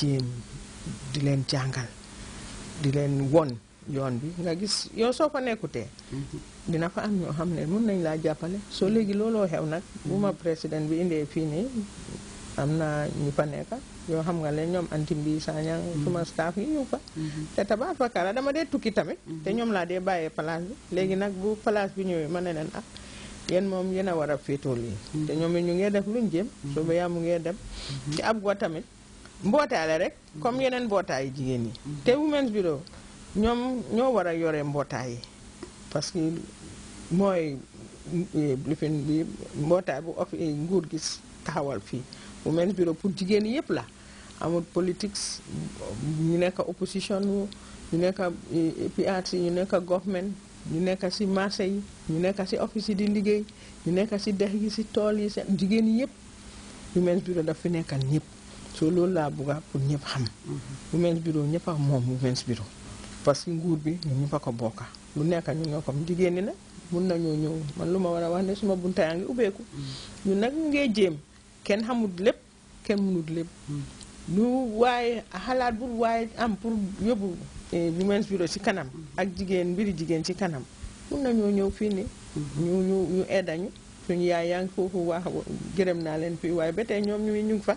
jéem di leen jàngal di leen won yoon bi nga gis yow soo fa nekkutee dina fa am ñoo xam ne mun nañ laa jàppale soo léegi looloo xew nag bu ma président bi indee fii nii am na ñu fa nekka yoo xam nga leen ñoom anti mbi saañang mm-hmm. suma staff yi ñu fa mm-hmm. te tabaar fa kala dama dee tukki tamit mm-hmm. te ñoom laa dee bàyyee place bi léegi nag bu palaas bi ñëwee ma ne leen ak ah, yéen moom yéen a war a féetoo yi te ñoom it ñu ngee def luñ jéem soo ba yaa mu ngee dem ci tamit mbootaay la rek comme mm. yeneen mbootaayu jigéen ñi mm. te women's biro ñoom ñoo war a yore mbootaay yi parce que mooy eh, li bi mbootaay bu of eh, nguur gis taxawal fii women's biro pour jigéen yëpp la amul politique ñu nekk opposition wu ñu nekk APRC eh, ñu nekk government ñu nekk si marché yi ñu nekk si office yi di liggéey ñu nekk si dex gi si tool yi seen jigéen yëpp women's bureau daf fi nekkal ñëpp soo loolu laa bugga pour ñëpp xam mhm. women's bureau ñëpp a moom women's bureau parce que nguur bi ñu ñëpp a ko bokka lu nekk ñun ñoo ko jigéen ñi nag mun nañoo ñëw man lu ma war a wax ne suma bunta yaa ngi ubbeeku mhm. ñun nag ñu ngee jéem kenn xamut lépp kenn munut lépp mhm. lu waaye xalaat bu waaye am pour yóbbu eh, women's bureau ci kanam ak jigéen mbiri jigéen ci kanam mun nañoo ñëw fii ni ñu ñu ñu eddañu suñu yaay yaa ngi foofu wax gërëm naa leen fii waaye ba tey ñoom ñu ngi fa.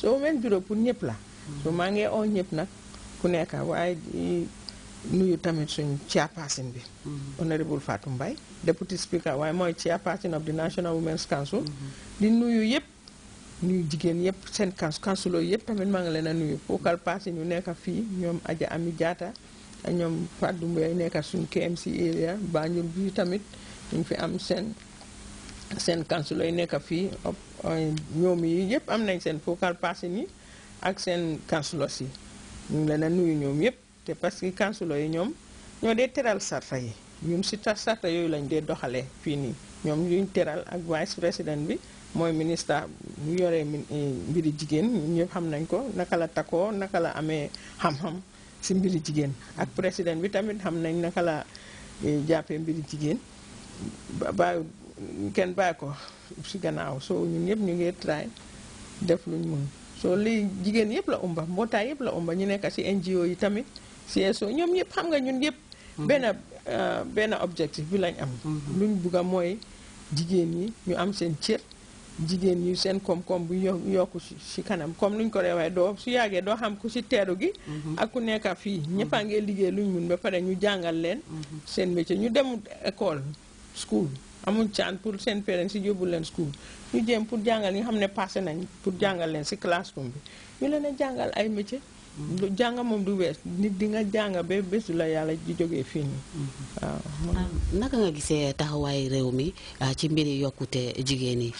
soo meen bureau pour ñëpp la. so maa ngi oo ñëpp nag ku nekk waaye nuyu tamit suñu chairperson bi. honorable Fatou Mbaye deputy speaker waaye mooy chairperson of the National Women's Council. di nuyu yëpp nuyu jigéen yëpp seen councilor yëpp tamit maa ngi leen a nuyu focal person yu nekk fii ñoom Adja Ami jaata ak ñoom Fatou Mbaye nekk suñu KMC area Banjul bi tamit ñu fi am seen. sen council yi nekk fi ñoom yi yépp am nañ sen focal person ni ak seen councilors yi ñu la na nuyu ñom yépp te parce que councilors yi ñom ño dé teral sarfa yi ñun ta sarfa yoy lañ dé doxalé fi ni ñom ñu teral ak vice président bi moy ministre bu yoré eh, mbiri jigen ñëpp xam nañ ko naka la tako naka la amé xam-xam ci mbiri jigen ak président bi tamit xam nañ naka la eh, jappé mbiri jigen ba kenn bàyyi ko si gannaaw so ñun ñëpp ñu ngi try def luñ mun soo lii jigéen yëpp la umba mbootaay yëpp la umba ñu nekk si NGO yi tamit CSO ñoom ñëpp xam nga ñun yëpp mm-hmm. benn euh, benn objectif bi lañ am mm-hmm. luñ bugg a mooy jigéen ñi ñu am seen cër jigéen ñi seen koom-koom bu yokku si kanam comme luñ ko dee waxee doo su yàggee doo xam ku si teeru gi mm-hmm. ak ku nekka fii ñëpp a ngee liggéey luñ mun ba pare ñu jàngal leen seen métier ñu dem école school amuñ caan pour seen parents yi yóbbu leen school ñu jëm pour jàngal ñi xam ne passé nañ pour jàngal leen si classroom bi ñu leen a jàngal ay métier lu jàng moom du wees nit di nga jàng ba bésu la yàlla ji jógee fii nii waaw ah, naka nga gisee taxawaay réew mi ah, ci mbiri yokkute jigéen yi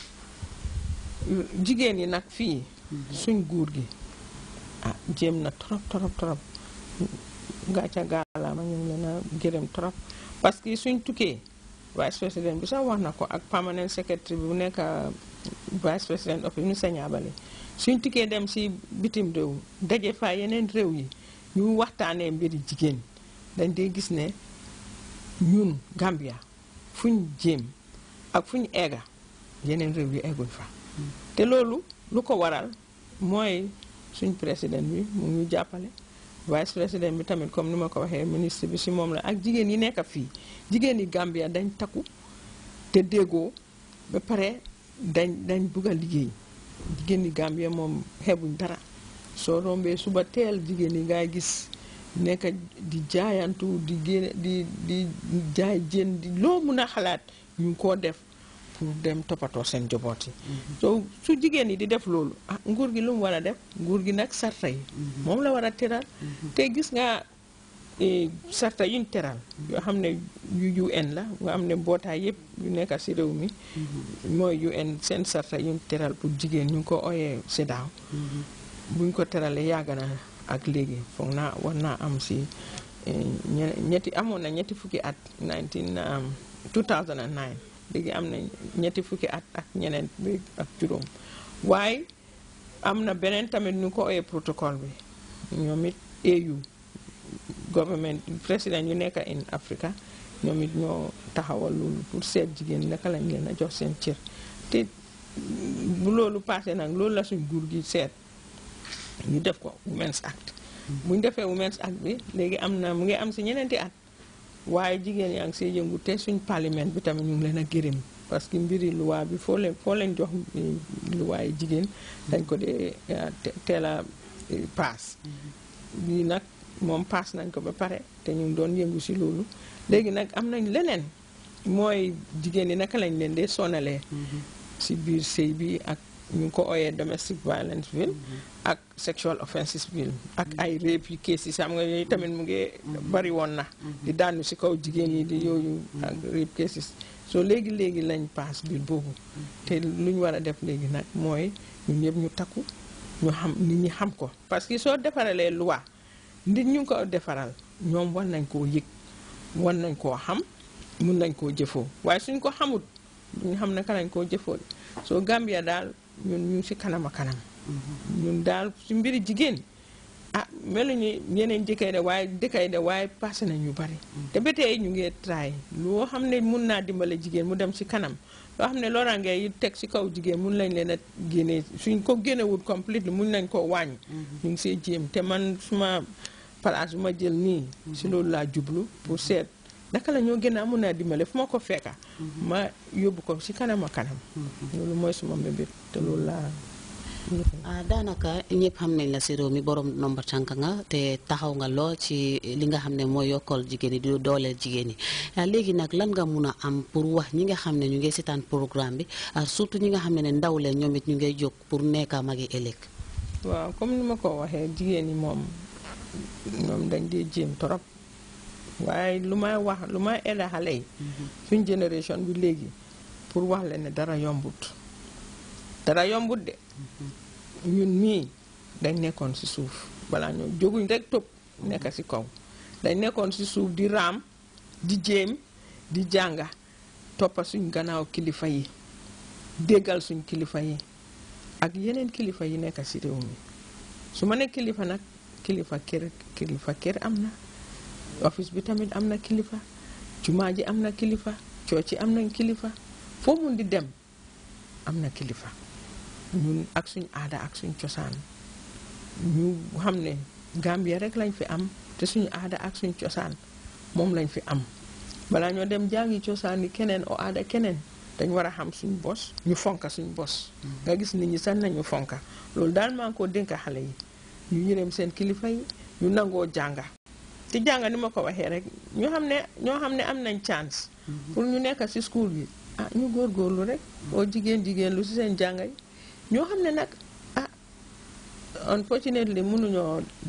jigéen yi nag fii suñ guur gi ah jéem na trop trop trop gàcca gaalaama ñu ngi leen a gërëm trop parce que suñ tukkee vice président bi sax wax na ko ak permanent secretary bu nekk uh, vice président of Musa Ñaabali suñ tikkee dem si bitim réew daje fa yeneen réew yi ñu waxtaanee mbiri jigéen dañ dee gis ne ñun Gambia fuñ jéem ak fu ñu eega yeneen réew yi eeguñ fa mm. te loolu lu ko waral mooy suñ président bi mu ngi jàppale vice président bi tamit comme ni ma ko waxee ministre bi si moom la ak jigéen yi nekk fii jigéen yi Gambia dañ takku te déggoo ba pare dañ dañ bugg a liggéey jigéen yi Gambia moom xeebuñ dara soo rombee suba teel jigéen yi ngay gis nekk di jaayantu di génn di di jaay jën di loo mun a xalaat ñu ngi koo def pour dem topato sen jobot yi mhm. so su jigéen yi di def loolu ah, nguur gi lu mu war a def nguur gi nag sarta yi mhm. moom la war a teral mhm. te gis nga e, sarta yuñ teral yoo xam ne yu un la nga xam ne mbootaay yépp yu nekk si réew mi mooy un seen sarta yuñ teral pour jigéen ñu ko oyee sedaaw buñ ko teralee yàgg na ak léegi foog naa war naa am si e, ñetti amoon na ñetti fukki at 19 2009 um, léegi am na ñetti fukki at ak ñeneen ak juróom waaye am na beneen tamit ñu ko protocole bi ñoom it AU e government president yu nekk in Africa ñoom it ñoo taxawal loolu pour seet jigéen naka lañ leen a jox seen cër te bu loolu passé nag loolu la suñ gi seet ñu def ko Women's Act buñ defee Women's Act bi léegi am na mu ngi am si ñeneenti at waaye jigéen yaa ngi see yëngu te suñ parlement bi tamit ñu ngi leen a gërëm parce que mbiri luwaa bi foo leen foo leen jox eh, luwaayi jigéen dañ ko dee eh, teel a eh, paas bii mm-hmm. nag moom paas nañ ko ba pare te ñu doon yëngu si loolu léegi nag am nañ leneen mooy jigéen yi naka lañ leen dee sonalee mm-hmm. si biir sëy bi ak ñu ngi ko ooyee domestic violence bill mm-hmm. ak sexual offences bill ak mm-hmm. ay rape yi kees yi xam nga yooyu tamit mu ngi mm-hmm. bari woon na di daanu si kaw jigéen yi di yooyu ak rape cases soo léegi léegi lañ paas bill boobu te lu ñu war a def léegi nag mooy ñëpp ñu takku ñu xam nit ñi xam ko parce que soo defaralee loi nit ñu ko defaral ñoom war nañ koo yëg war nañ koo xam mun nañ koo jëfoo waaye suñ ko xamut duñ xam naka lañ koo jëfoo soo Gambia daal ñun ñu si kanam kanam. ñun daal si mbiri jigéen ah meluñu yeneen jëkkay de waaye dëkkay de waaye passé nañ yu bari. te ba tey ñu ngi try loo xam ne mun naa dimbale jigéen mu dem si kanam loo xam ne loraange yi teg si kaw jigéen mun lañ leen a génnee suñ ko génnewut complète mun nañ koo wàññi. ñu ngi see jéem te man suma place bu ma jël nii. si loolu laa jublu pour seet. naka la ñoo gën a amun naa ko féka ma yobbu ko ci kanam ak kanam lolu moy suma mbébét te loolu laa ah daanaka ñepp xam nañ la ci rew mi borom nomba tank nga té taxaw nga lo ci li nga xamné moy yokol jigéni di dooleel jigéni légui nak lan nga mëna am pour wax ñi nga xamné ñu ngi sétane programme bi surtout ñi nga xamné né ndaw leen ñoom ñu ngi jokk pour néka magi élek waaw comme nima ko waxé jigéni mom moom dañ dé jëm torop waaye lu may wax lu may aider xale yi mhm. suñ génération bi léegi pour wax leen ne dara yombut dara yombut de mhm. ñun mii dañ nekkoon si suuf balaa ñoo jóguñ rek tëb nekk ci kaw dañ nekkoon ci suuf di raam di jéem di jànga toppa suñ gannaaw kilifa yi déggal suñ kilifa yi ak yeneen kilifa yi nekk ci réew mi su ma nekk kilifa nag kilifa kër kilifa kër am na office bi tamit am na kilifa jumaa ji am na kilifa cooc am nañ kilifa foo mun di dem am na kilifa ñun ak suñ aada ak suñ cosaan ñu xam ne Gambia rek lañ fi am te suñu aada ak suñ cosaan moom lañ fi am balaa ñoo dem jàngi cosaan yi keneen o aada keneen dañ war a xam suñ bos ñu fonka suñ bos nga gis nit ñi sax nañu fonka loolu daal maa koo dénka xale yi ñu yërëm seen kilifa yi ñu nangoo jànga ci jàng ni ma ko waxee rek ñoo xam ne ñoo xam ne am nañ chance. Mhm. pour ñu nekk si school bi ah ñu góorlu rek. Mhm. oo jigéen jigéen lu si seen jàngay ñoo xam ne nag ah li mënuñoo.